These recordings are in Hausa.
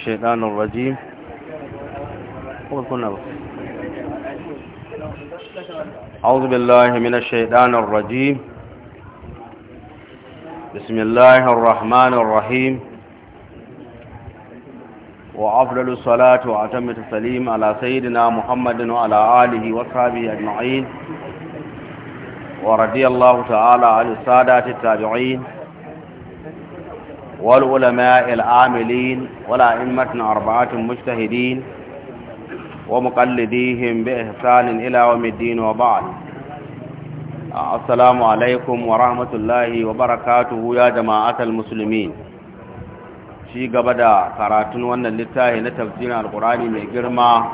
الشيطان الرجيم نعم. أعوذ بالله من الشيطان الرجيم بسم الله الرحمن الرحيم وأفضل الصلاة وأتم التسليم على سيدنا محمد وعلى آله وصحبه أجمعين ورضي الله تعالى عن السادات التابعين والعلماء العاملين ولا إمتنا أربعة مجتهدين ومقلديهم بإحسان إلى يوم الدين وبعد السلام عليكم ورحمة الله وبركاته يا جماعة المسلمين shi قبدا da وانا wannan littafi القرآن من قرما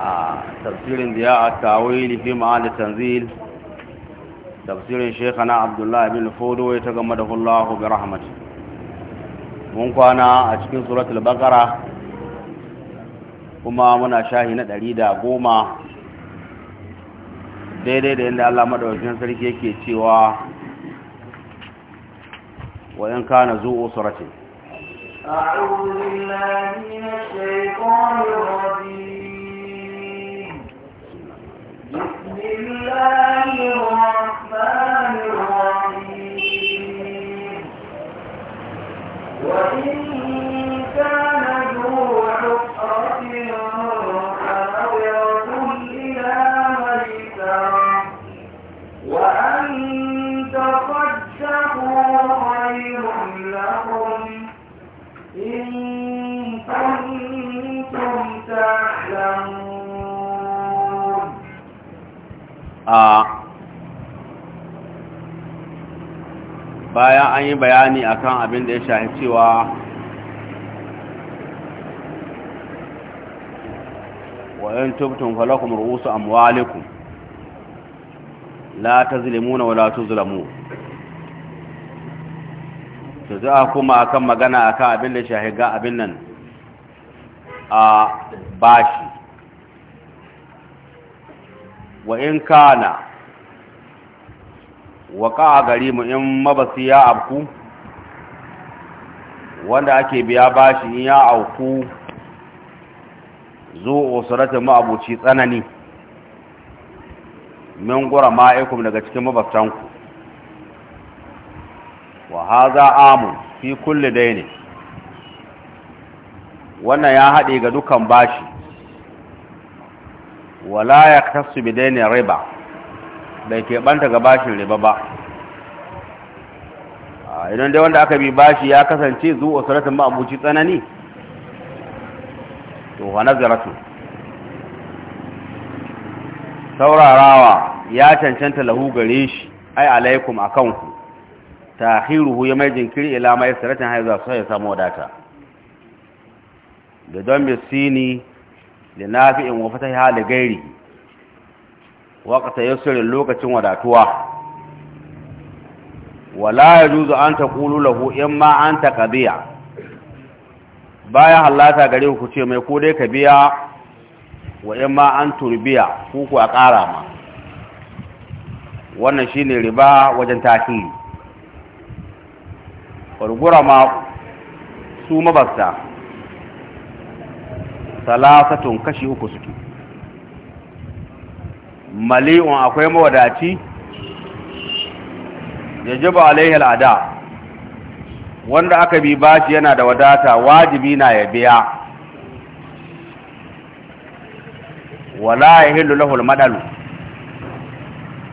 آه، mai دياء a في da ya tafsirin shekana abdullahi bin fodo ya ta gama da hullahu bi rahmati mun kwana a cikin suratul bakara kuma muna shahi na ɗari da goma daidai da yadda allah maɗaukin sarki yake cewa wa in kana zu'u suratin أعوذ بالله من الشيطان الرجيم وإن كان a bayan an yi bayani akan abin da ya shahi cewa wa'in tubtun falakum ru'usu amwalikum la ta zilimu tazlimuna wala tuzlamu to za kuma akan magana akan abin da shahiga abin nan a bashi wa in kana waka a gari mu in mabasi ya abku wanda ake biya bashi in ya auku zo usratin ma'abuci tsanani min gura ma'ikum daga cikin mabastanku wa haza amun fi kulli daini wannan ya haɗe ga dukan bashi wala ya kasu bidainin riba bai keɓanta ga bashin riba ba idan dai wanda aka bi bashi ya kasance zu usratin ma'abuci tsanani to wa nazaratu saurarawa ya cancanta lahu gare shi ai alaikum akan ku tahiruhu ya mai jinkiri ila mai saratin haiza sai ya samu wadata da don bisini linafi'in in fatahi hali gairi waqta yusrin lokacin wadatuwa wala yajuzu an taqulu lahu imma an taqdiya baya halata gare ku ce mai ko dai ka biya wa imma an turbiya ku ku a ƙara ma wannan shine riba wajen tahiri gurgura ma su mabasta salasatun kashi uku suke mali'un akwai mawadaci ya jiba alaihi al'ada wanda aka bi bashi yana da wadata wajibi na ya biya wala ya hillu lahul madalu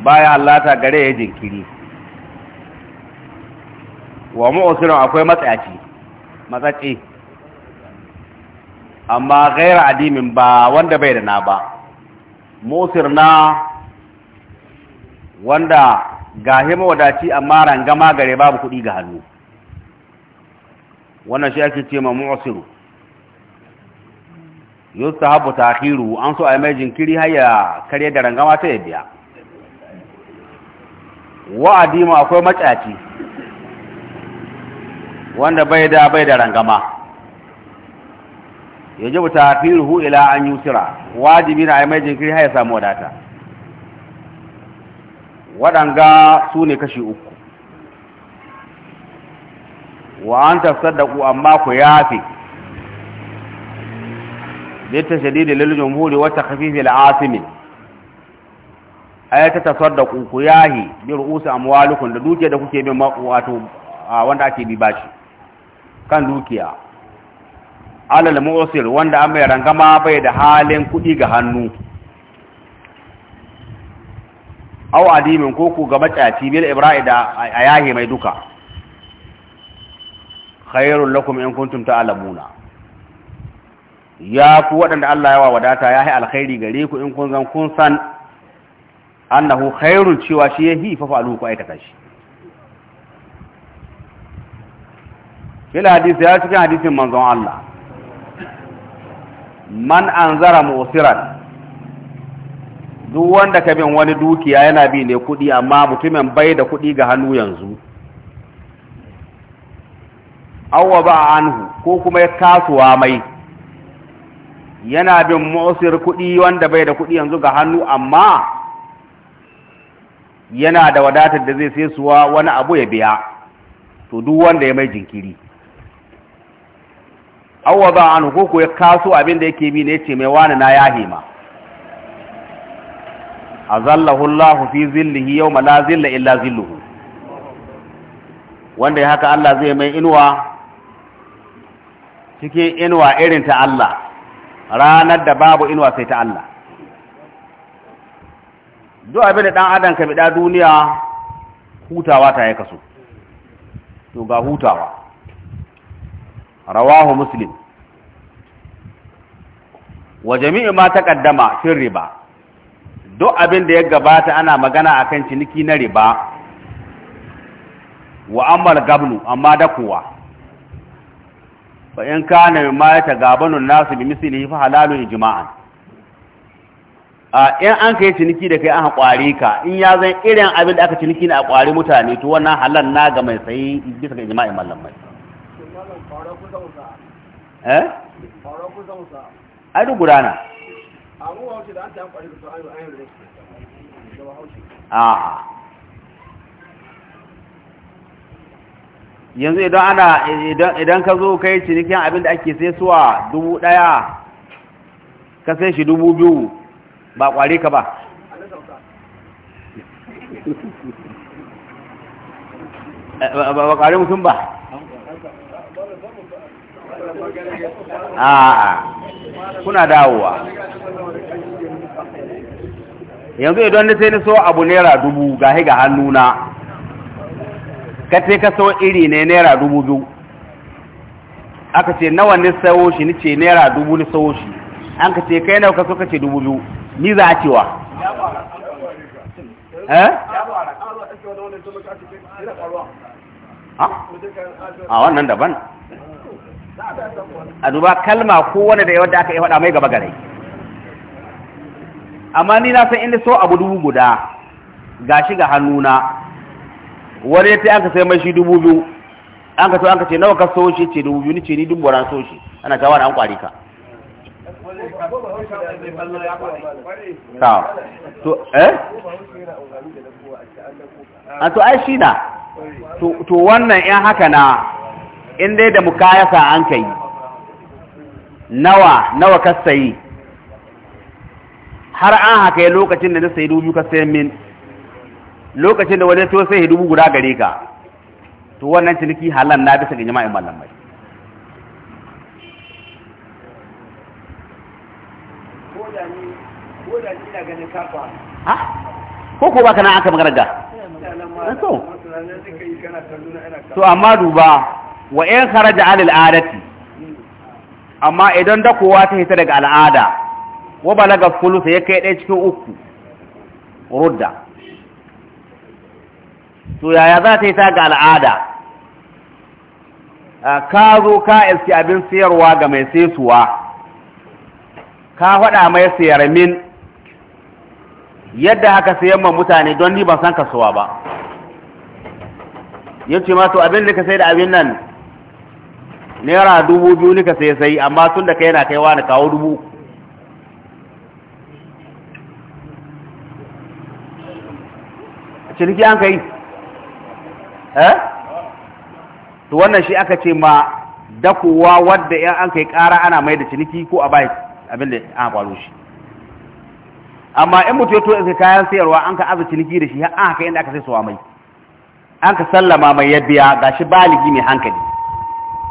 baya Allah ta gare ya jinkiri wa mu'usirun akwai matsaci matsaci amma gaira adimin ba wanda bai da na ba musir na wanda ga hima wadaci amma rangama gare babu kuɗi ga hannu wannan shi ake ce ma musiru yusta habu takiru an so a mai jinkiri haya kare da rangama ta yabiya. wa'adi ma akwai matsaci wanda bai da bai da rangama yajibu tafiruhu ila an yusira wajibi na mai jinkiri har ya samu wadata waɗanga su ne kashi uku wa an tafsar da ku amma ku yafi litta shadidi lil jumhuri wa takhfifi al asimi tafsar da ku yahi bi ru'usi amwalukum da dukiya da kuke bin wato wanda ake bi bashi kan dukiya alal mu'sir wanda an mai rangama bai da halin kuɗi ga hannu aw adimin ko ku ga macaci bil ibra'i da ayahi mai duka khairul lakum in kuntum ta'lamuna ya ku waɗanda Allah ya wa wadata ya yi alkhairi gare ku in kun zan kun san annahu khairun cewa shi yahi fa fa'alu ku aikata shi bil hadisi ya cikin hadisin manzon Allah man anzara mu'siran duk wanda ka bin wani dukiya yana bi ne kuɗi amma mutumin bai da kuɗi ga hannu yanzu awwa ba anhu ko kuma ya kasuwa mai yana bin mu'sir kuɗi wanda bai da kuɗi yanzu ga hannu amma yana da wadatar da zai sai suwa wani abu ya biya to duk wanda ya mai jinkiri awa ba an ko ya kaso abin da yake bi ne ce mai wani na yahi ma azallahu Allah fi zillihi yawma na zilla illa zilluhu wanda ya haka Allah zai mai inuwa cikin inuwa irin ta Allah ranar da babu inuwa sai ta Allah duk abin da dan adam ka bi duniya hutawa ta ya kaso to ga hutawa rawahu muslim wa jami'i ma taqaddama fil riba duk abin da ya gabata ana magana akan ciniki na riba wa gabnu amma dakuwa fa in kana mimma yatagabanu nasu bi mislihi fa halalun ijma'an a in an kai ciniki da kai an kwari ka in ya zan irin abin da aka ciniki na a kwari mutane to wannan halal na ga mai sayi bisa ga ijma'in mallamai gudana ah. yanzu idan ana idan ka zo kai cinikin abin da ake sai suwa dubu daya ka sai shi dubu biyu ba kware ka ba eh, ba kware mutum ba a'a kuna dawowa yanzu idan da sai ni so abu naira dubu gahi ga hannuna ka ce ka so iri ne naira dubu biyu aka ce nawa ni sawo shi ni ce naira dubu ni sawo shi an ka ce kai nawa ka so ka ce dubu biyu ni za a cewa eh? ah, a wannan daban a duba kalma ko wani da yawa da aka yi faɗa mai gaba gare amma ni na san inda so abu dubu guda ga shi ga hannuna wani ya ta an ka sai mai shi dubu biyu an ka so an ka ce nawa ka so shi ce dubu biyu ni ce ni dubu ran so shi ana cewa an kwari ka to eh a to ai shi na to wannan yan haka na in dai da mukayasa an kai nawa nawa ka sayi har an haka lokacin da na sayi dubu ka sayan min lokacin da wani to sai dubu guda gare ka to wannan ciniki halan na bisa ga jama'in mai ko ko ka na aka magana ga to amma duba wa in kharaja an al'adati amma idan dakowa ta hita daga al'ada wa balaga fulus ya kai ɗaya cikin uku rudda to yaya za ta hita ga al'ada ah, ka zo ka iski abin siyarwa ga mai sesuwa ka faɗa mai siyar min yadda haka sai ma mutane don ni ban san kasuwa ba yace ma to abin da ka sai da abin nan naira dubu biyu nika sai sai amma tun da kai yana kaiwa na kawo dubu ciniki an kai eh to wannan shi aka ce ma dakowa wadda yan an kai kara ana mai da ciniki ko a bai abin da an kwaro shi amma in mutu ya to sai kayan sayarwa an ka azu ciniki da shi har an haka inda aka sai suwa mai an ka sallama mai ya gashi baligi mai hankali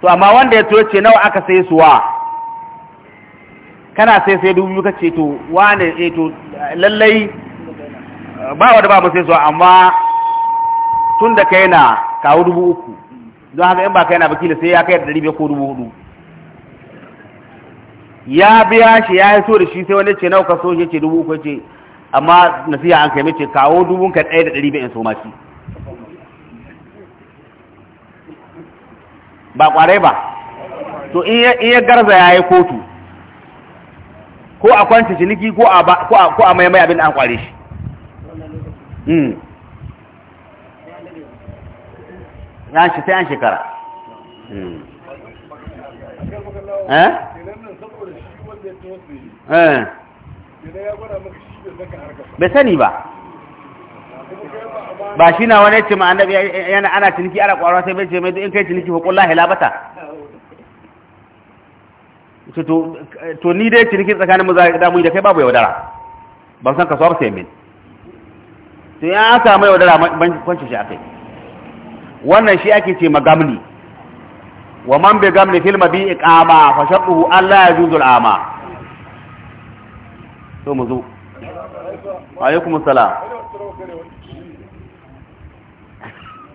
to amma wanda ya toyo ce nawa aka sai suwa kana sai sai dubu biyu kace to wane eh to lallai ba wanda ba mu sai suwa amma tun da kai na kawo dubu uku don haka in ba kai na bakila sai ya kai da ɗari biyar ko dubu hudu ya biya shi ya yi so da shi sai wani ce nawa ka so shi ce dubu uku ce amma nasiya an kai mace kawo dubun ka ɗaya da ɗari biyar in so ma shi ba kwarai ba to in ya garza ya yi kotu ko a kwanci ciniki ko a maimai abin da an kware shi hmm. ya shi sai an shekara hmm. eh? eh? bai sani ba ba shi na wani ce ma yana ana ciniki ana ƙwararwa sai bai ce mai in kai ciniki hukun lahi labata to ni dai ciniki tsakanin mu zai damu da kai babu yaudara ba san kasuwa ba sai min to ya an samu yaudara ban kwanci shi akai wannan shi ake ce magamni wa man bi gamni fil mabi iqama fa shaqquhu Allah ya al ama to mu zo alaikumus Salaam.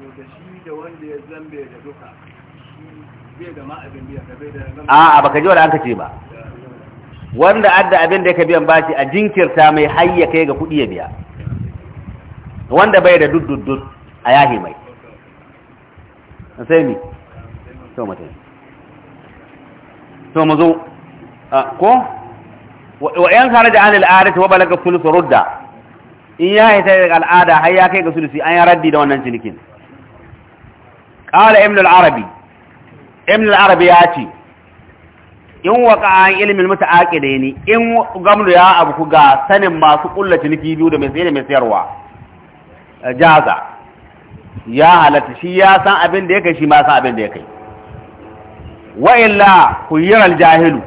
to da shi da wanda ya zambe da duka bai da ma abin biya bai da a'a baka ji wanda an kace ba wanda adda abin da yake biyan bashi a jinkirta mai hayya kai ga kuɗi ya biya wanda bai da dudduddud a yahi mai sai ni to mata to mazo a ko wa yan kharaja an al-arat wa balaga kullu rudda in ya hita al'ada har kai ga sulusi an ya raddi da wannan cinikin ƙala ibn al-arabi ibn al-arabi ya ce in waka an ilimin mutu aƙida ni, in gamdu ya abu ga sanin masu ƙulla ciniki biyu da mai sayar mai sayarwa jaza ya halatta shi ya san abin da ya kai shi ma san abin da ya kai wa illa ku jahilu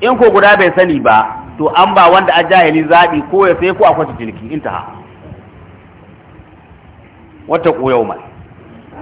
in ko guda bai sani ba to an ba wanda a jahili zaɓi ko ya sai ko a kwace ciniki intaha wata ƙoyau mai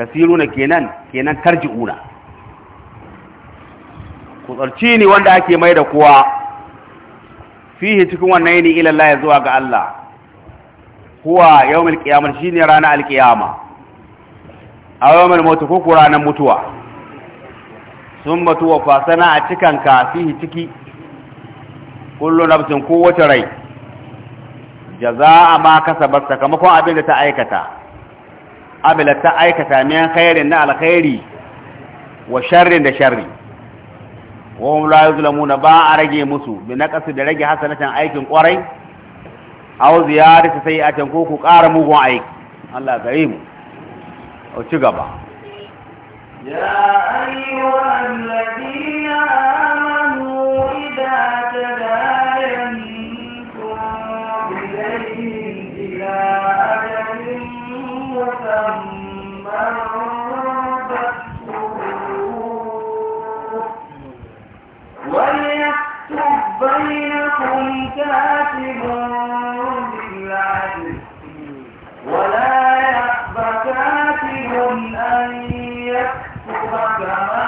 na kenan kenan tarji'una ku tsarci ne wanda ake mai da kowa fihi cikin wannan yini ila Allah zuwa ga Allah Kuwa, mil kiyama shi ne ranar alkiyama a yau maut ko ranar mutuwa sun mutuwa wa fasana a cikan ka fihi ciki kullu nafsin kowace rai a ma kasabat sakamakon abin da ta aikata amilat ta aikata min khairin na alkhairi wa sharrin da sharri wa hum la yuzlamuna ba a rage musu bi naqasi da rage hasanatan aikin kwarai aw ziyarati sayi'atan ko ku ƙara mugun aiki Allah gare mu ci gaba ya ayyuhal ladina amanu idza tadayantum ilayhi ila بينكم كاتب بالعدل ولا يأب كاتب أن يكتب كما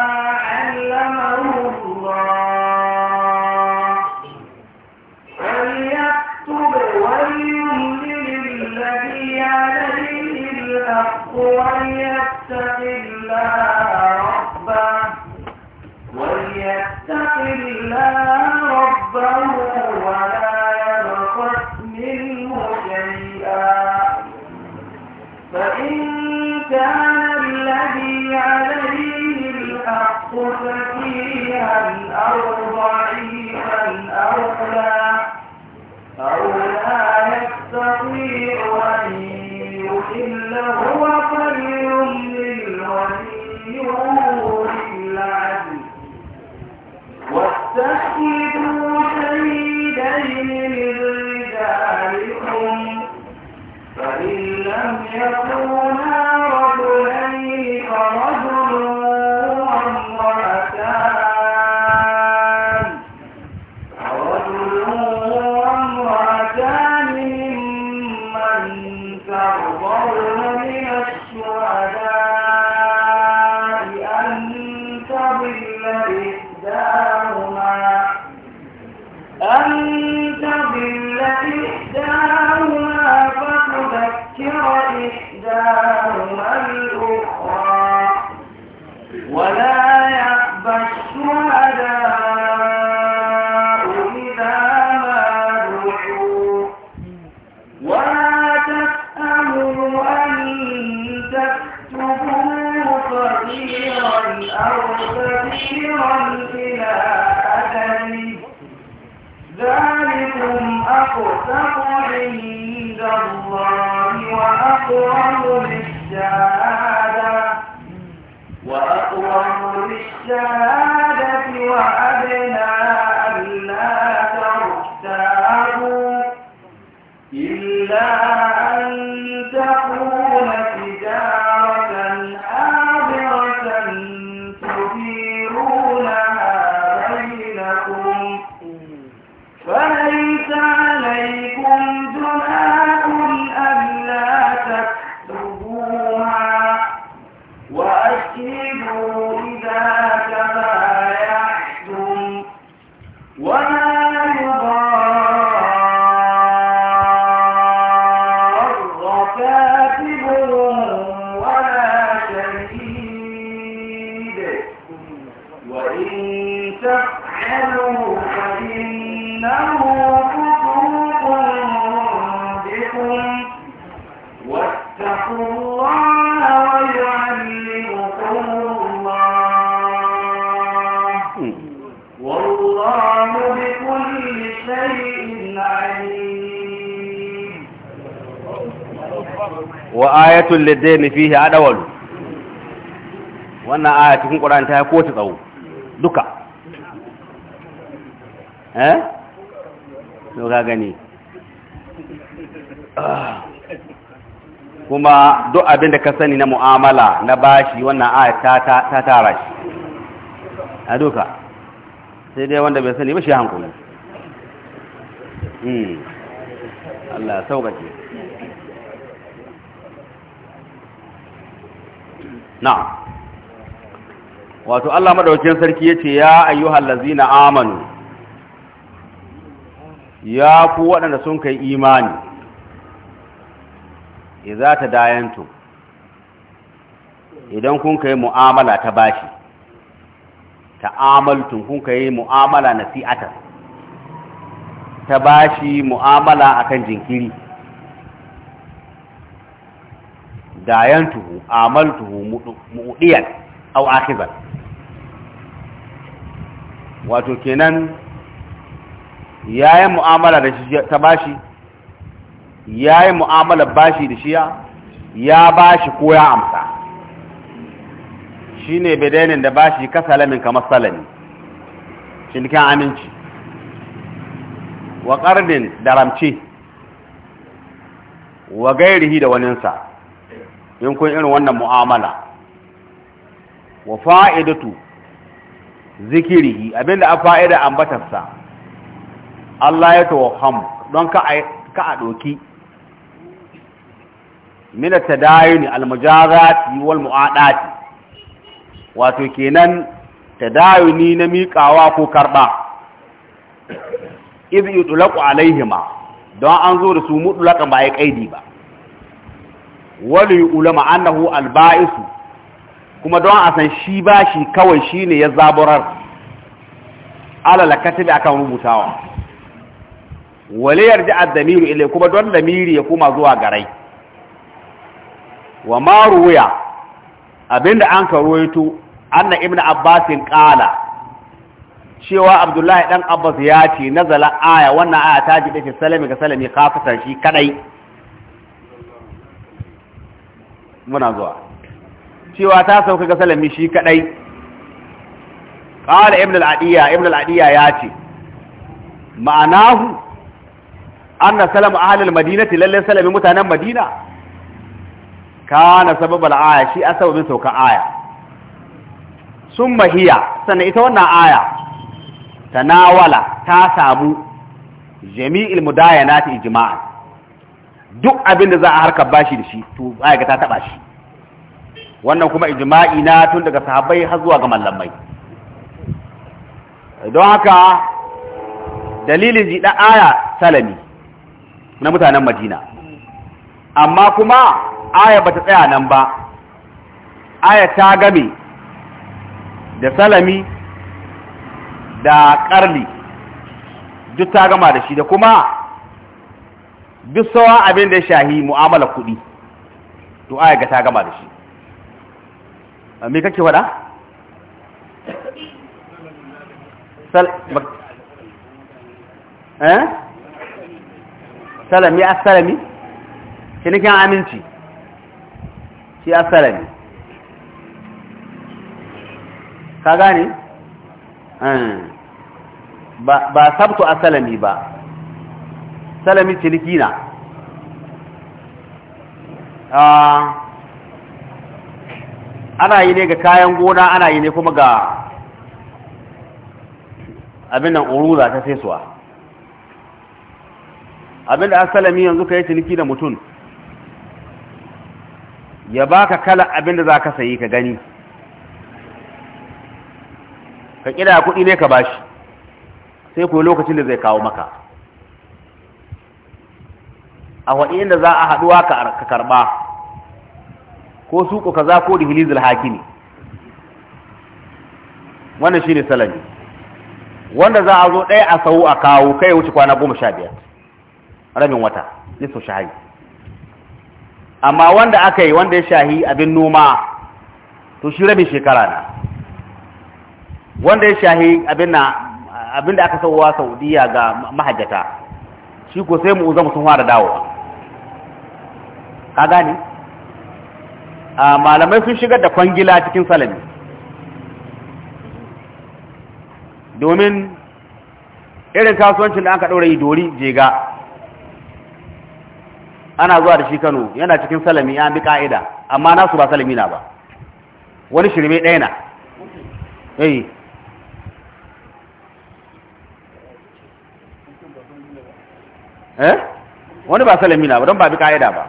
wa ayatul ladaini fihi adawal wannan aya cikin Qur'ani ta ko ta tsawo duka eh? to ga gani kuma duk abin da ka sani na mu'amala na bashi wannan aya ta tara shi a duka sai dai wanda bai sani ba shi hankali Hmm. Allah sauƙaƙe na wato Allah maɗaukin sarki yace ya ayyuhal ladzina amanu ya ku waɗanda sun kai imani ta tadayantu idan kun kai mu'amala ta bashi ta amaltun kun kai mu'amala nasi'atan ta bashi mu'amala a kan jinkiri dayantuhu amaltuhu mu'udiyar au akhizan wato kenan yayin mu'amala da shi ta bashi yayin mu'amala bashi da shiya ya bashi ko ya amsa ne bidainin da bashi lamin kamar salami shi aminci wa ƙarnin da ramce wa gairihi da waninsa in kun irin wannan mu'amala wa fa'idatu zikirihi abinda a fa'ida ambatarsa Allah ya tawaham don ka a ɗoki mina ta ne almujazati wal mu'adati wato kenan ta ne na miƙawa ko karɓa iz yutlaqu alaihima don an zo da su mutlaqan ba ya kaidi ba wali ulama annahu alba'is kuma don a san shi ba shi kawai shine ya zaburar alala katibi akan rubutawa wale yarji ad-damiru ilai kuma don damiri ya kuma zuwa garai wa ma abinda an karoyito anna ibnu abbasin ƙala. cewa abdullahi dan abbas ya ce nazala aya wannan aya ta ji shi salami ga salami khafatan shi kadai muna zuwa cewa ta sauka ga salami shi kadai qala ibn al-adiya ibn al-adiya ya ce ma'anahu anna salamu ahli al-madinati lalle salami mutanen madina kana sababal aya shi asabin sauka aya summa hiya sannan ita wannan aya tanawala ta samu jami'il mudayanati ijma'a duk abin da za a harkar bashi da shi to ai ga ta taba shi wannan kuma ijma'i na tun daga sahabbai har zuwa ga mallamai don haka dalilin da aya salami na mutanen Madina amma kuma aya bata tsaya nan ba aya ta game da salami da karni duk ta gama da shi da kuma duk sauran abin da ya shahi mu'amala kuɗi to aya ga ta gama da shi me kake faɗa? Eh? salami a salami? cinikin aminci shi a salami ka gane? Eh. ba sabtu a salami ba salami ciniki na ah. ana yi ne ga kayan gona ana yi ne kuma ga abin nan uruza ta fesuwa abin da asalami yanzu ka yi ciniki da mutum ya baka kala abin da za ka sayi ka gani ka kira kuɗi ne ka bashi sai ku lokacin da zai kawo maka a waɗi inda za a haɗuwa ka karɓa ko suko kaza ko da hilizul hakimi wannan shine salami wanda za a zo ɗaya a sau a kawo kai wuce kwana goma sha biyar rabin wata nisu shahi amma wanda aka wanda ya shahi abin noma to shi rabin shekara na wanda ya shahi abin da aka sauwa saudiya ga mahajjata shi ko sai mu zama sun fara dawowa ka gani malamai sun shigar da kwangila cikin salami domin irin kasuwancin da aka ɗaura yi dori jega ana zuwa da shi kano yana cikin salami ya bi ka'ida amma nasu ba salami na ba wani shirme ɗaya na eh wani ba salami na ba don ba bi ka'ida ba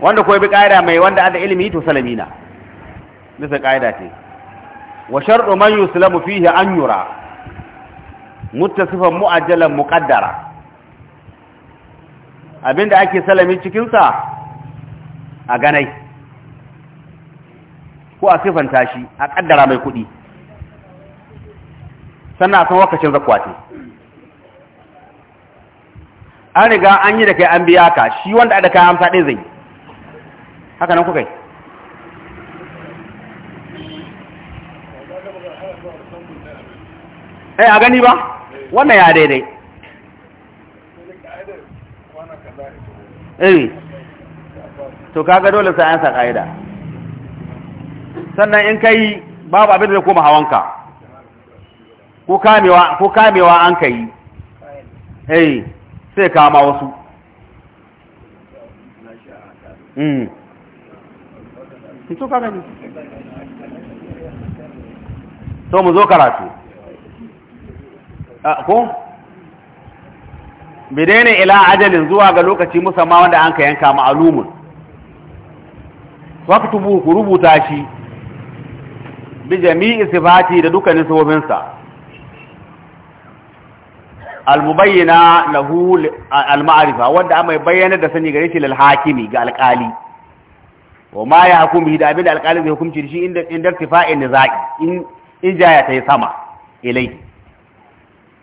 wanda ko bi ka'ida mai wanda ada ilimi to salami na bisa ka'ida ce wa shar'u man yuslamu fihi an yura muttasifan mu'ajjalan muqaddara abinda ake salami cikin sa a ganai ko a sifanta shi a kaddara mai kuɗi sannan a san wakacin zakwati an riga an yi da kai an biya ka shi wanda da kai amsa ɗin zai yi haka nan kuka yi eh a gani ba wannan ya daidai eh to kaga dole sai an sa ka'ida sannan in kai babu abin da zai koma hawanka ko kamewa an ka yi kai sai kama wasu hmm. to mu zo karatu a ah, ko bidene ila ajalin zuwa ga lokaci musamman wanda an ka yanka ma'alumun waktubu ku rubuta shi bi jami'i sifati da dukkanin sabobinsa almubayyana lahu alma'arifa wanda amma bayyana da sani gare shi lil hakimi ga alkali wa ma ya hukumi da abin da alkali zai hukunci shi inda inda tifa'in in ijaya ta sama ilai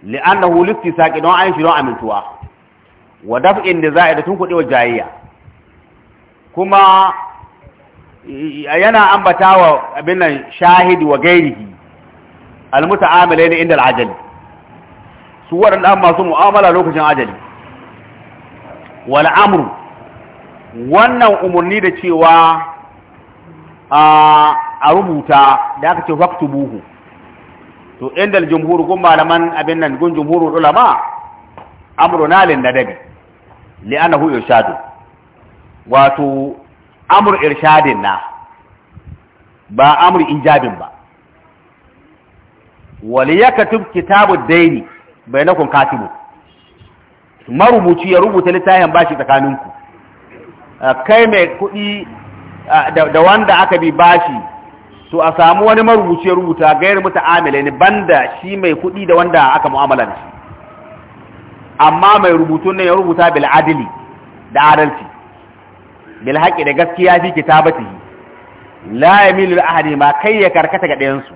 li'annahu listisaqi don an shi don amintuwa wa daf'in nizai da tunkuɗe wa jayayya kuma yana ambatawa abin nan shahidi wa gairihi almuta'amilai inda ajali su waɗanda masu mu'amala lokacin ajali wal'amuru amru wannan umarni da cewa a rubuta da aka ce buhu to inda jumhur gun malaman abin nan gun jumhurul ulama amruna lin nadabi li'annahu irshadu wato amru irshadin na ba in ijabin ba ya yakatub kitabud daini na katibu marubuci ya rubuta littafin bashi tsakaninku kai mai kudi da wanda aka bi bashi to a samu wani marubuci ya rubuta gairu muta'amila ne banda shi mai kudi da wanda aka mu'amala shi amma mai rubutun ne ya rubuta bil adili da adalci bil haƙi da gaskiya fi kitabati la yamilu ahadi ma kai ya karkata ga ɗayan su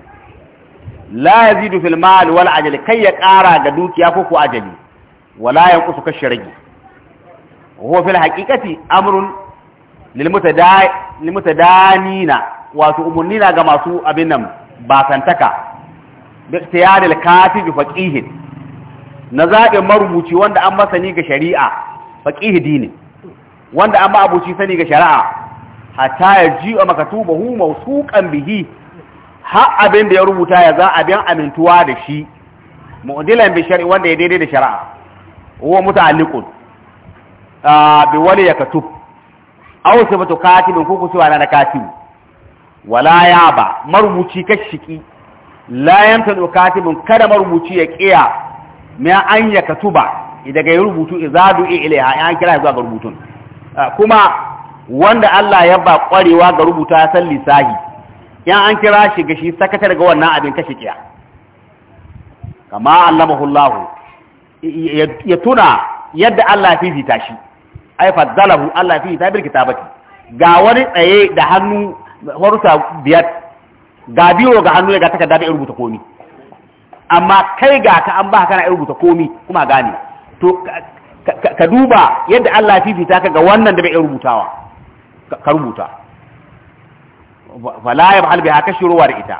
la yazidu fil mal wal ajali kai ya kara ga dukiya ko ko ajali wala yanqusu ka ragi. huwa fil haqiqati amrun lil mutadai lil mutadanina wato umurnina ga masu abin nan ba santaka bi ikhtiyaril katib faqih na zabe marubuci wanda an masani ga shari'a faqih dini wanda an ba abuci sani ga shari'a hatta yaji'u makatubahu mawsuqan bihi har abin da ya rubuta ya za abin amintuwa da shi mu'dilan bi shari'a wanda ya daidai da shari'a huwa muta'alliqun bi wali yakatub aw sifatu katibin ko kusuwa na katibu wala yaba marubuci kashiki la yamtanu katibun kada marubuci ya kiya mai an ba daga ya rubutu izadu ilaiha an kira zuwa ga rubutun kuma wanda Allah ya ba kwarewa ga rubuta ya san lisahi ya an kira shi ga shi sakatar ga wannan abin kashi kiya kama allamahu Allah ya tuna yadda Allah ya fifita shi ai fadalahu Allah ya fifita bil kitabati ga wani tsaye da hannu warusa biyar ga biyo ga hannu ga takarda da rubuta komi amma kai ga ka an ba kana rubuta komi kuma gane to ka duba yadda Allah ya fifita ka ga wannan da bai rubutawa ka rubuta fala yabhal biha kashruwa da ita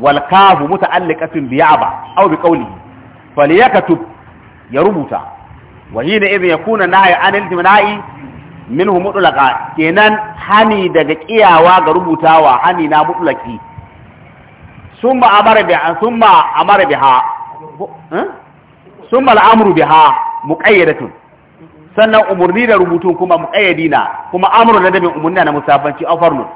wal kafu muta'alliqatun bi ya'ba aw bi qawlihi falyakatub ya rubuta wa hina idh yakuna nahyu an al-timna'i minhu mutlaqa kenan hani daga kiyawa ga rubutawa hani na mutlaki summa amara biha summa sannan umarni da rubutun kuma na kuma amru na da umurni na musabanci afarnu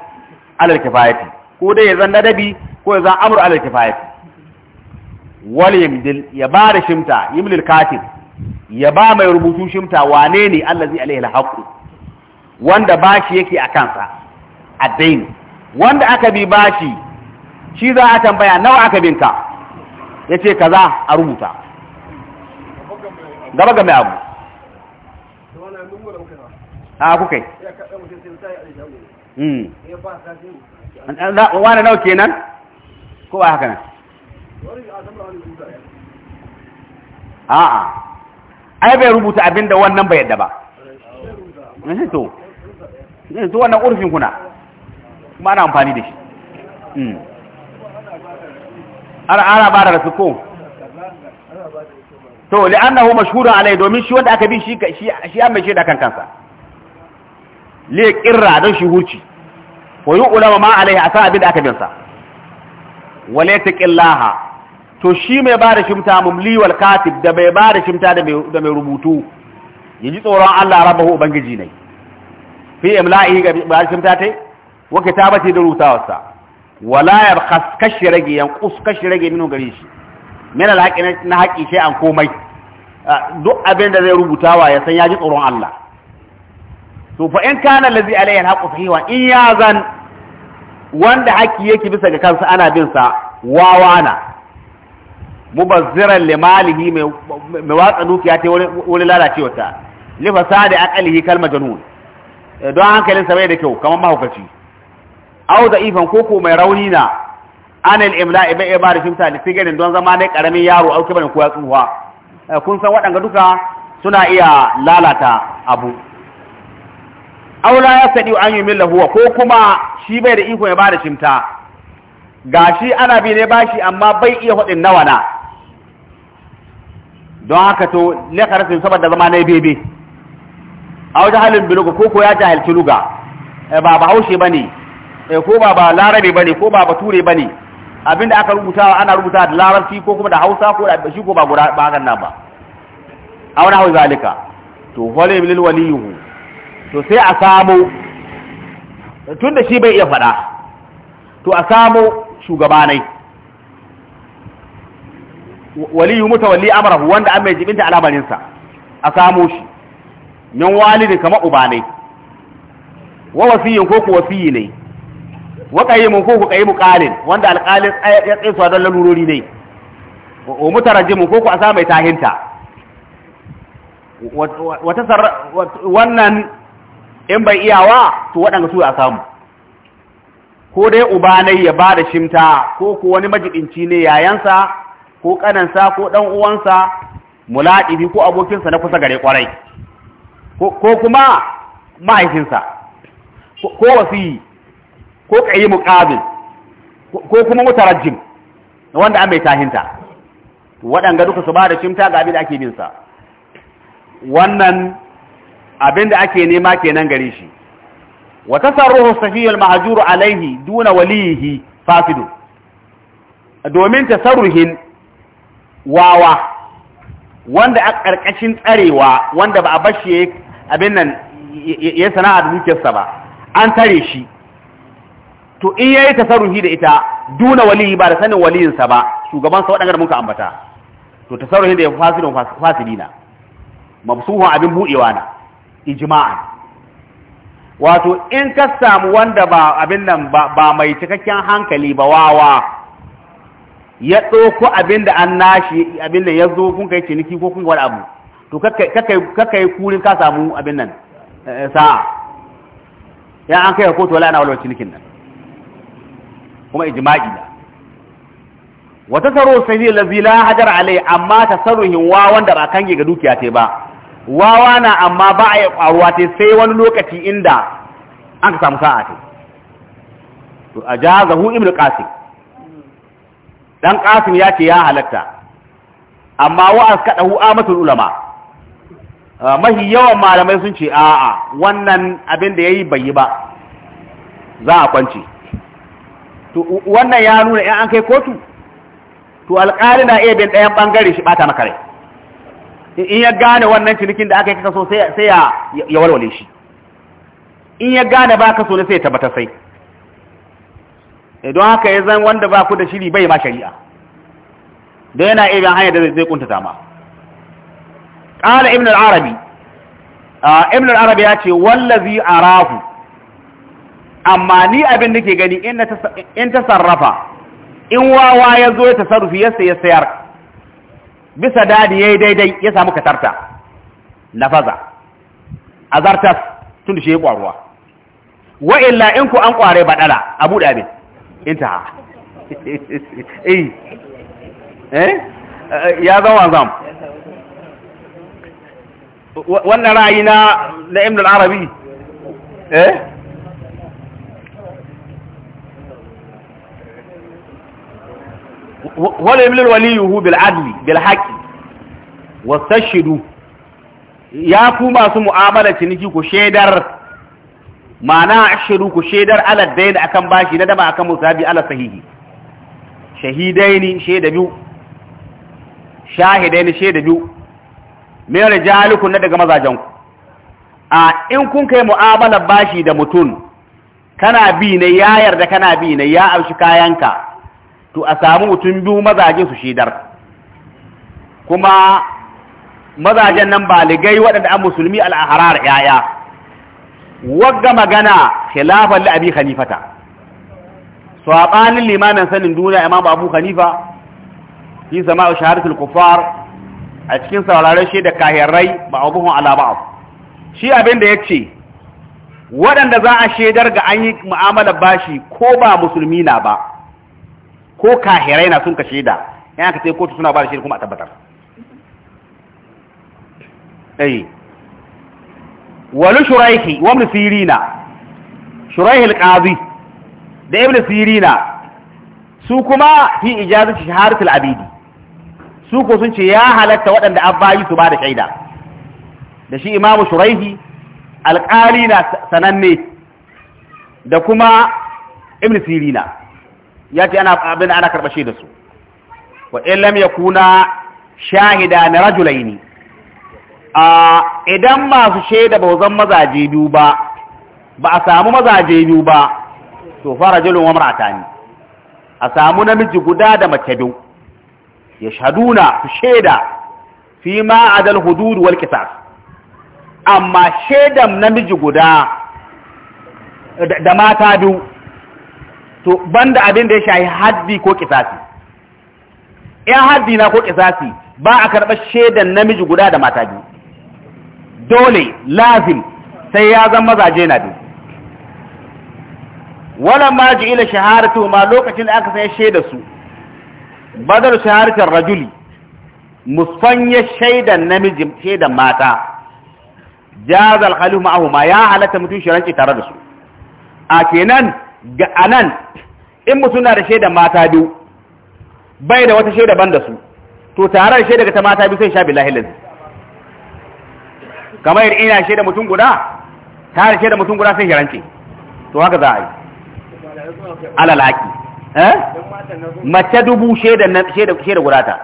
alal kifayati ko dai ya zan ladabi ko ya zan amru alal kifayati wal yamdil ya ba da shimta yimlil katib ya ba mai rubutu shimta wane ne allazi alaihi alhaq wanda bashi yake a kansa addaini wanda aka bi bashi shi za a tambaya nawa aka binka yace kaza a rubuta gaba ga mai abu a kuka yi hmm. wane nau kenan ko ba haka nan a'a ai bai rubuta abinda wannan bai yadda ba to eh, to wannan urfin kuna kuma ana amfani da shi hmm. ana ana ba da rasu ko to li'annahu mashhurun alai domin shi wanda aka bi shi shi an mai shaida kan kansa liya kirra don shi huci wa yi ulama ma alaihi a abin da aka binsa wale ta ƙillaha to shi mai ba da shimta mumli wal katib da mai ba da shimta da mai rubutu yaji ji tsoron Allah rabahu ubangiji ne fi imla'ihi ga ba da shimta tai wa kitabati da rutawarsa wala yabkhas kashi rage yanqus kashi rage minu gare shi min alhaqi na haƙi sai an komai duk abin da zai rubutawa ya san ya ji tsoron Allah to fa in kana lazi alayhi alhaqu sahiwa in ya zan wanda haki yake bisa ga kansa ana bin sa wawana mubazziran limalihi mai watsa dukiya ta wani lalacewa ta li fasadi aqlihi kalma janun eh, don hankalin sa bai da kyau kamar mahaukaci aw da'ifan koko mai rauni na anil imla'i bai iya bada shimta da sigarin don zama ne karamin yaro auki bane ko ya tsuwa eh, kun san waɗanga duka suna iya lalata abu aula ya sadi an yi min lahuwa ko kuma shi bai da iko ya ba da cimta gashi ana bi ne bashi amma bai iya hudin nawa na don haka to ne karatun saboda zama na bebe a wajen halin biluga ko ko ya jahilci luga eh, ba ba haushe bane eh, ko ba ba larabe bane ko ba bature bane abinda aka rubuta ana rubuta da larabci ko kuma da hausa ko da shi ko ba ba ganna ba a wani hau zalika to wale lil waliyuhu to sai a samu tun da shi bai iya faɗa to a samu shugabanai waliyu wali amara wanda an mai jibinta al'amarinsa a samu shi min walidin kama uba ne. wa wasiyin ko ku wasiyi ne wa qayyimun ko ku qayyimu qalin wanda alqalin ya tsaye don lalurori ne wa mutarajjimun ko ku a samai mai tahinta wannan in bai iyawa to waɗanda su a samu ko dai uba ne ya ba da shimta ko ko wani majidinci ne yayansa ko kanansa ko ɗan uwansa mulaɗibi ko abokinsa na kusa gare kwarai ko kuma mahaifinsa ko wasi, ko ƙayi muƙabil ko kuma mutarajjim wanda an bai tahinta waɗanga duka su ba da shimta ga abin da ake binsa wannan abinda ake nema kenan gare shi wa tasarruhu safiyul mahjuru alaihi duna walihi fasidu domin tasarruhin wawa wanda a ƙarƙashin tsarewa wanda ba a bashi abin nan ya sana'a da sa ba an tare shi to in yayi tasarruhi da ita duna walihi ba da sanin sa ba shugaban sa wadanda muka ambata to tasarruhin da ya fasidu fasidina mabsuhun abin buɗewa na ijma'an wato in ka samu wanda ba abin nan ba mai cikakken hankali ba wawa ya ɗauko abin da an nashi abin da ya zo kun kai ciniki ko kun wani abu to ka kai kurin ka samu abin nan eh, sa'a ya an kai kotu wala ana walwar cinikin nan kuma ijma'i da wata saro zai lazi la hajar alai amma ta saruhin hinwa wanda ba kange ga dukiya ce ba wawa na amma ba a yi ƙwaruwa ta sai wani lokaci inda an ka samu sa'a ta to a ja zahu ibn qasim dan qasim ya ce ya halatta amma wa'az ka dahu amatul ulama ah, mahi yawan malamai sun ce a'a wannan abin da yayi bai yi ba za a kwance to wannan ya nuna in an kai kotu to alƙali na iya bin ɗayan bangare shi bata maka rai in ya gane wannan cinikin da aka yi so sai ya walwale shi in ya gane ba kaso ne sai ya tabbata sai eh, don haka ya zan wanda ba ku da shiri bai ma shari'a da yana irin hanyar da zai kunta ma ƙala ibn arabi ibn al-arabi ya ce wallazi arahu amma ni abin da ke gani in ta sarrafa in wawa ya zo ya tasarrufi ya sayar bisa dadi yayi daidai ya samu katarta nafaza azartas tun shi ya kwaruwa wa illa in ku an kware badala abu da abin intaha eh eh ya zama zam wannan ra'ayi na na ibn al-arabi eh wala yamlu waliyuhu bil adli bil haqi wastashidu ya ku masu mu'amala ciniki ku shedar ma'ana ashiru ku shedar ala da akan bashi na dama akan musabi ala sahihi shahidaini sheda biyu shahidaini sheda biyu min rijalukum na daga mazajen ku a in kun kai mu'amala bashi da mutun kana bi ne ya yarda kana bi ne ya amshi kayanka to a samu mutum biyu mazaje su shidar kuma mazajen nan baligai waɗanda an musulmi al'aharar yaya wagga magana khilafan li abi khalifata sabanin limamin sanin duniya imam abu khalifa fi sama'u shahadatul kuffar a cikin sauraron shi da kahirai ba abuhun ala ba shi abin da ya ce waɗanda za a shaidar ga an yi mu'amalar bashi ko ba musulmi na ba ko kahirai na sun ka shaida yana ka sai kotu suna ba da shaida kuma a tabbatar ai walu shuraihi wa ibn sirina shuraihi al da ibn sirina su kuma fi ijazati shahadat al-abidi su ko sun ce ya halatta waɗanda abbayi su ba da shaida da shi imamu shuraihi alƙali na sananne da kuma ibn sirina ya ce ana abin ana shi da su wa illam yakuna shahida na rajulaini a idan masu shaida ba zan mazaje biyu ba ba a samu mazaje biyu ba to fara rajulun wa mar'atani a samu namiji guda da mace biyu ya shaduna su shaida fi ma adal hudud wal qisas amma shaidan namiji guda da mata biyu to banda abin da ya shahi haddi ko kisasi ya haddi na ko kisasi ba a karɓar shaidan namiji guda da mata biyu dole lazim sai ya zan mazaje na biyu wala ma ji ila shaharatu ma lokacin da aka saya shaida su badar shaharatar rajuli musanya shaidan namiji shaidan mata jazal khalu ma'ahuma ya halatta mutum shiranci tare da su a kenan ga anan in mutum na da shaida mata biyu bai da wata shaida ban da su to tare da shaida ga ta mata biyu sai sha billahi lazi kamar ina shaida mutum guda tare da shaida mutum guda sai shiranci to haka za a yi alalaki eh mace dubu shaida na guda ta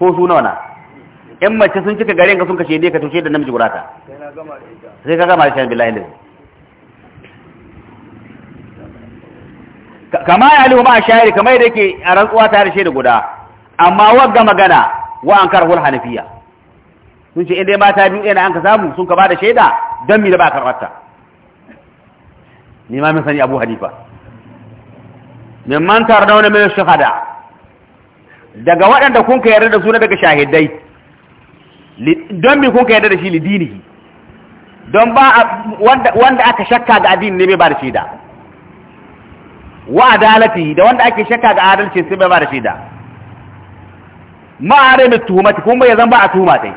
ko su nawa na in mace sun cika garin ka sun kashe dai ka to shaida namiji guda ta sai ka gama da shan billahi lazi kama ya lihu ma shayari kama yadda yake a rantsuwa ta harshe da guda amma wagga magana wa an karhul hanafiya sun ce inda mata biyu ɗaya an ka samu sun ka ba da shaida don mi da ba a karɓarta ni ma min sani abu hanifa min man da wani mai shahada daga waɗanda kun ka yarda da suna daga shahidai don mi kun ka yarda da shi lidini don ba wanda aka shakka ga addini ne bai ba da shaida wa adalati da wanda ake shakka ga adalci sai bai ba da shaida ma'are mai tuhumati kuma ya zan ba a tuhuma dai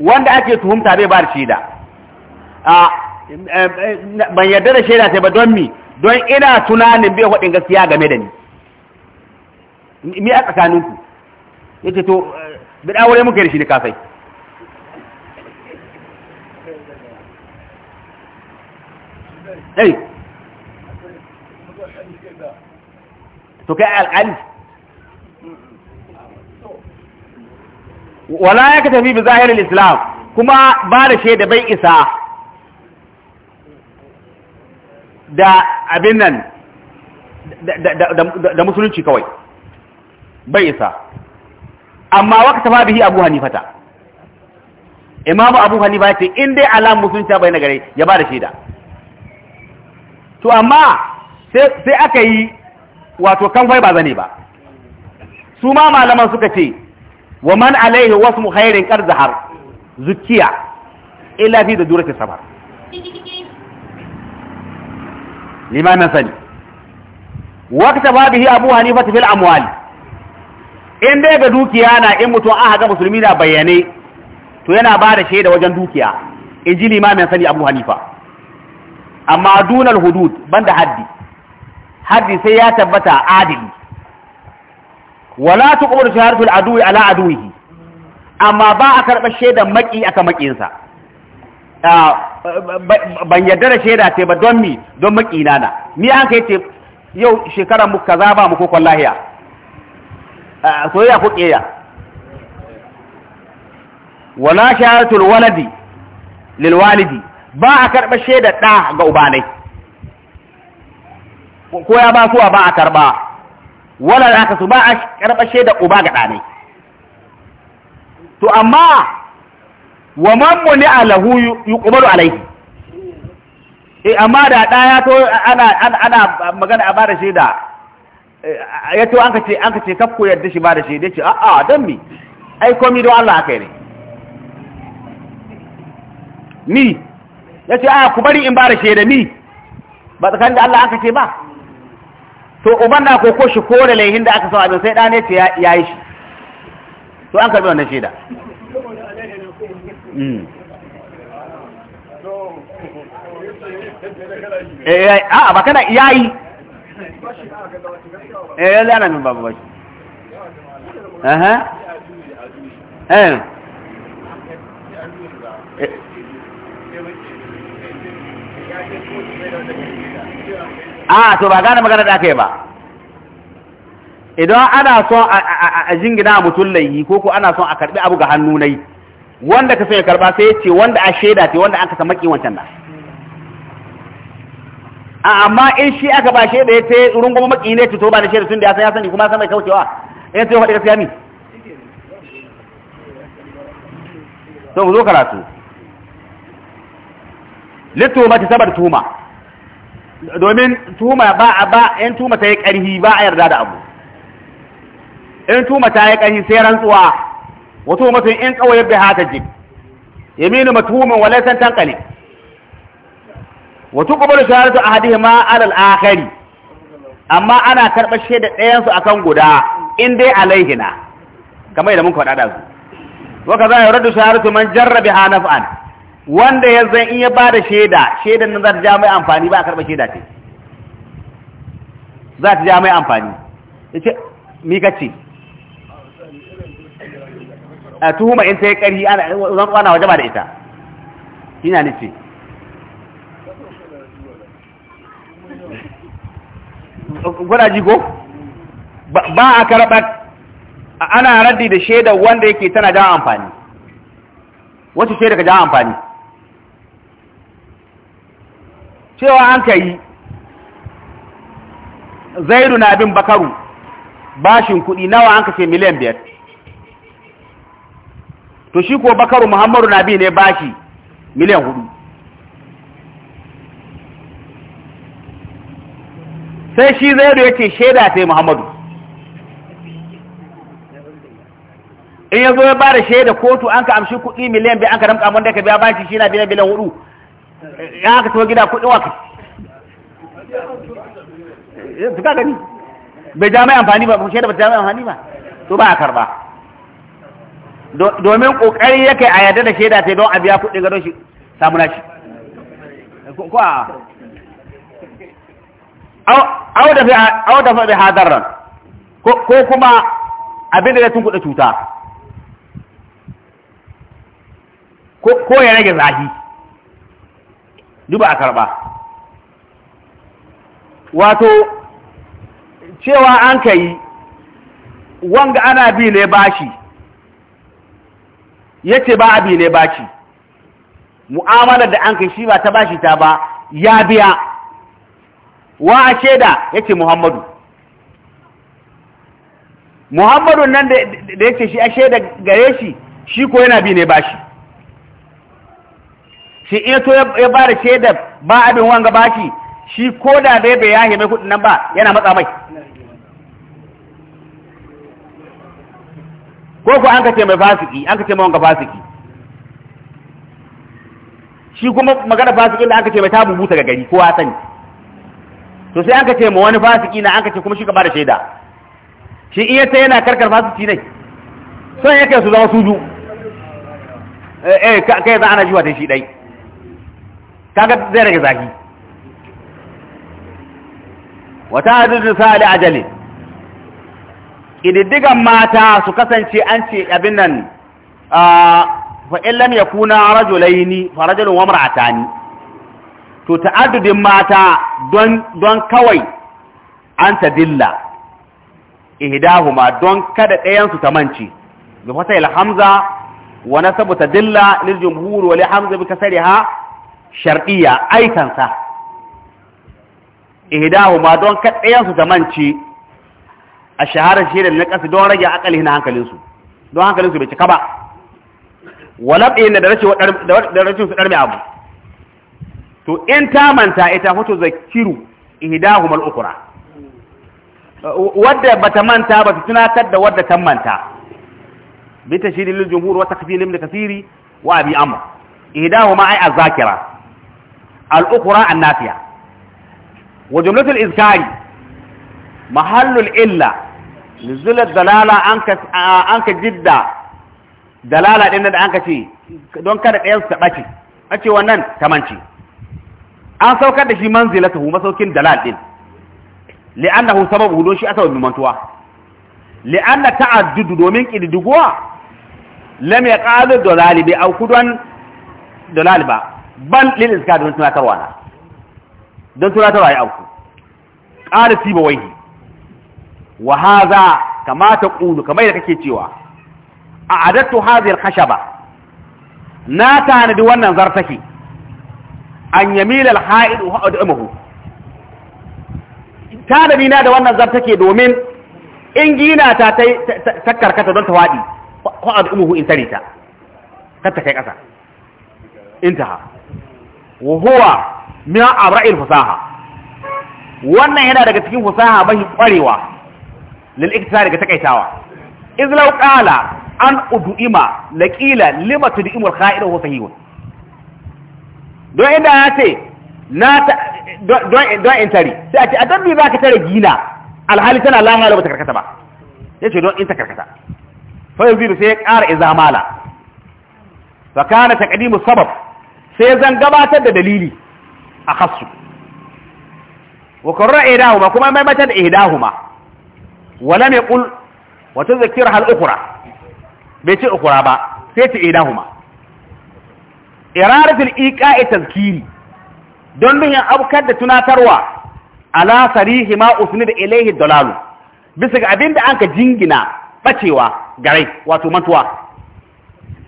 wanda ake tuhumta bai ba da shaida ban yarda da shaida sai ba don mi don ina tunanin bai faɗin gaskiya game da ni mi a tsakaninku yace to bida wuri muke da shi ne kafai Hey! to kai alƙali wala ya ka tafi bi zahirin islam kuma ba da shaida bai isa da abin nan da musulunci kawai bai isa amma waka tafa bihi abu hanifata imam abu hanifa ce in dai alam musulunci bai na ya ba da shaida to amma sai aka yi wato kankwai ba zane ba su ma malaman suka ce wa man alaihi wasu muhairin kar zahar zukiya illa fi da durata samar limanin sani wakta ba bihi abu hanifa fil amwal in dai ga dukiya na in mutum an ga musulmi na bayyane to yana ba da shaida wajen dukiya in ji limamin sani abu hanifa amma dunal hudud banda haddi haddi sai ya tabbata adili wala tuqbalu shahadatul aduwi ala aduwihi amma ba a karɓar shaidar maki aka makinsa ban yarda da shaida ce ba don mi don maki na na ni an kai ce yau shekarar mu kaza ba mu kokon lahiya soyayya ko ƙeya wala shahadatul waladi lil walidi ba a karɓar shaidar ɗa ga ubanai ko ya ba suwa ba a karba wala ka su ba a karbashe da uba ga ɗane to amma wa man ne alahu yuqbalu alayhi eh amma da ɗaya to ana ana magana a bada shaida eh, ya to an kace an kace kafko yadda shi bada shaida da ce a'a dan mi ai komai don Allah akai ne ni yace a ku bari in bada shaida ni ba tsakanin da Allah aka ce ba to uban na ko shi kore laihin da aka sa abin sai dane ce ya yi shi to an karbi wannan shaida a'a hmm. eh, eh, ba kana yayi eh yanzu ana min babu bashi eh eh eh a to ba gane magana da aka yi ba idan ana son a jingina mutum laihi ko ko ana son a karbi abu ga hannu nai wanda ka sai ya karba sai ce wanda a shaida ce wanda an ka san maki wancan na amma in shi aka ba shaida ya ce rungumo maki ne to ba na shaida tun da ya san ya sani kuma san mai kaucewa in sai faɗi gaskiya ni to mu zo karatu litu ta sabar tuma domin tuma ba a ba in tuma ta yi ƙarhi ba a yarda da abu in tuma ta yi ƙarhi sai rantsuwa wato mutum in kawai bai haka jik yaminu matumin walai san tankali wato kubar shahadatu ahadihima alal akhari amma ana karɓar shaida ɗayan su akan guda in dai alaihina kamar yadda mun faɗa da su wa kaza yuradu shahadatu man jarra biha wanda ya zan iya ba da shaida shaidan nan za ta ja mai amfani ba a karɓa shaida ce za ta ja mai amfani ya ce mika ce a tuhuma in ta yi ƙari zan waje ba da ita ina ni ce gwada jigo ba a karɓar ana raddi da shaida wanda yake tana jawo amfani wacce shaidar ka jawo amfani cewa an ka yi zaidu na bin bakaru bashin kuɗi nawa an kashe miliyan biyar to shi ko bakaru muhammadu na bi ne bashi miliyan hudu sai shi zaidu ya ce shaida ta yi muhammadu in ya zo ya ba da shaida kotu an ka amshi kuɗi miliyan biyar an ka ramka wanda ka biya bashi shi na biyan miliyan hudu ya aka tawa gida kuɗi waka su eh, ka gani bai ja mai amfani ba kuma shaida ba ta ja mai amfani ba to ba a karba domin kokari yake a yarda da shaida ta don a biya kuɗi ga don shi samu shi ko a au da fi ran ko kuma abin da ya tunkuɗa cuta ko ya rage zahi Duba a karba wato cewa an ka yi wanga ana bi ne bashi ya ce ba a bi ne bashi mu'amalar da an ka shi ba ta bashi ta ba ya biya wa a shaida ya ce muhammadu muhammadu nan da ya ce shi a shaida gare shi shi ko yana bi ne bashi shi in to ya ba da shaidar ba abin wanga baki shi ko da dai bai yahe mai kudin nan ba yana matsa mai ko ku an ce mai fasiki an ce mai wanga fasiki shi kuma magana fasiki da an ce mai tabu busa ga gari kowa sani to sai an ce mai wani fasiki na an ce kuma shi ka ba da shaida shi in yace yana karkar fasiki ne son yake su zama suju eh, eh kai za ana jiwa ta shi dai kaga zai rage zaki wata hadidu sa'ali ajali ƙididdigan mata su kasance an ce abin nan fa illam yakuna rajulaini fa rajulun wa mar'atani to ta'addudin mata don don kawai an dilla. ihdahuma don kada ɗayan su mance bi fasail hamza wa nasabu tadilla lil jumhur wa li hamza bi kasriha shar'iyya aikansa ihdahu ma don kaɗayansu da manci a shaharar shirin na ƙasa don rage akali na hankalinsu don hankalinsu bai cika ba walaɓe na da rashin su ɗarmi abu to in ta manta ita hoto zakiru ihdahu mal ukura wadda ta manta ba su tunatar da wadda ta manta bi tashirin lil jumhur wa takfirin da kasiri wa abi amr ihdahuma ay azakira الأخرى النافية وجملة الإذكار محل الإلة نزل الدلالة عنك عنك جدا دلالة إن عنك شيء دون كذا إيش تبشي أشي ونن كمان شيء an saukar da shi manzilatahu masaukin dalal din li'annahu sababu don shi asabin mantuwa li'anna ta'addudu domin kididiguwa lam yaqalu dalali bi au kudan dalal ba ban lil iska don tunatarwa na don tunatarwa ya auku qala siba waihi wa hadha kama taqulu kama yadda kake cewa a a'adatu hadhihi al ba na tanadi wannan zartaki an yamila al-ha'id wa ad'amuhu tanadi na da wannan zartake domin in gina ta ta karkata don ta wadi wa ad'amuhu in tarita kar ta kai ƙasa. intaha wa huwa min abra'il fasaha wannan yana daga cikin fasaha mai kwarewa lil iktisari ga takaitawa iz law qala an udu'ima laqila lima tud'imul kha'iru wa sahihun don inda ya ce na don in tari sai a ce a don me zaka tare gina alhali tana lahala ba ta karkata ba yace don in ta karkata fa yanzu sai ya kara izamala fa kana taqdimu sabab sai zan gabatar da dalili a khassu wa qarra ihdahuma kuma mai mata da ihdahuma wala mai yaqul wa tudhkira hal ukhra bai ce ukhra ba sai ta ce ihdahuma iraratul iqa'i tazkiri don bin abkar da tunatarwa ala sarihi ma usnid ilayhi dalalu bisa ga abinda anka jingina bacewa gare wato mantuwa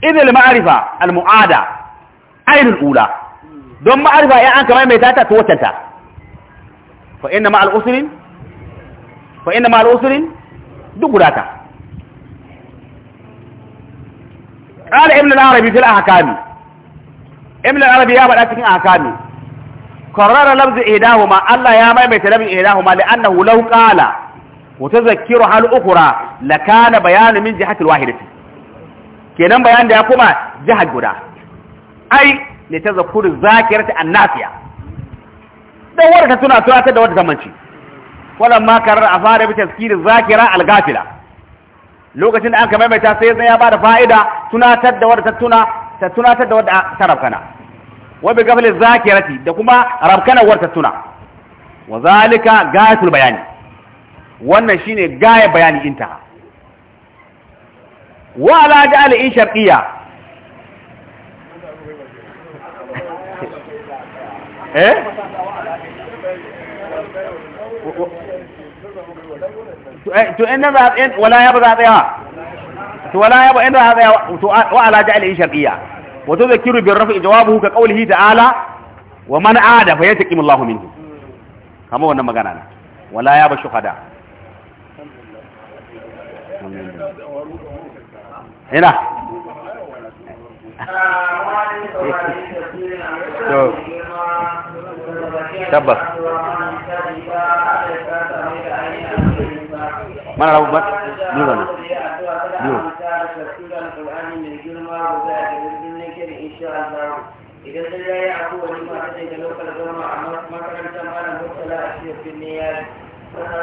idil ma'arifa al mu'ada ainul ula don ma'arifa ya an kamar mai tata to wacanta fa inna ma'al usrin fa inna ma'al usrin duk gudata قال ابن العربي في الأحكام ابن العربي يا بدأت في الأحكام قرر لفظ إهداهما الله يا ما يميت لفظ إهداهما لأنه لو قال وتذكرها الأخرى لكان بيان من جهة الواحدة كنان بيان ده يقوم جهة قدا ai ne li tazakkur zakirati annafiya dan ta tuna tunatar da wanda zamanci wadda ma karar a fara bi tazkiri zakira al-gafila lokacin da an aka maimaita sai zai ya da fa'ida tunatar da wanda ta tuna ta tunatar da wanda ta rafkana wadda gafilin gaflil zakirati da kuma rafkana wadda ta tuna wa zalika gayatul bayani wannan shine gaya bayani intaha wa ala ji in sharqiyya ايه تو ان ذهب ولا يبقى ذهب ولا يبغى ان ذهب وعلى جعله شرقيه وتذكر بالرفع جوابه كقوله تعالى ومن عاد فيتقم الله منه كما wannan magana ne wala ya ba shuhada ina tabbas mana rabu bat nuna na nuna idan a makarantar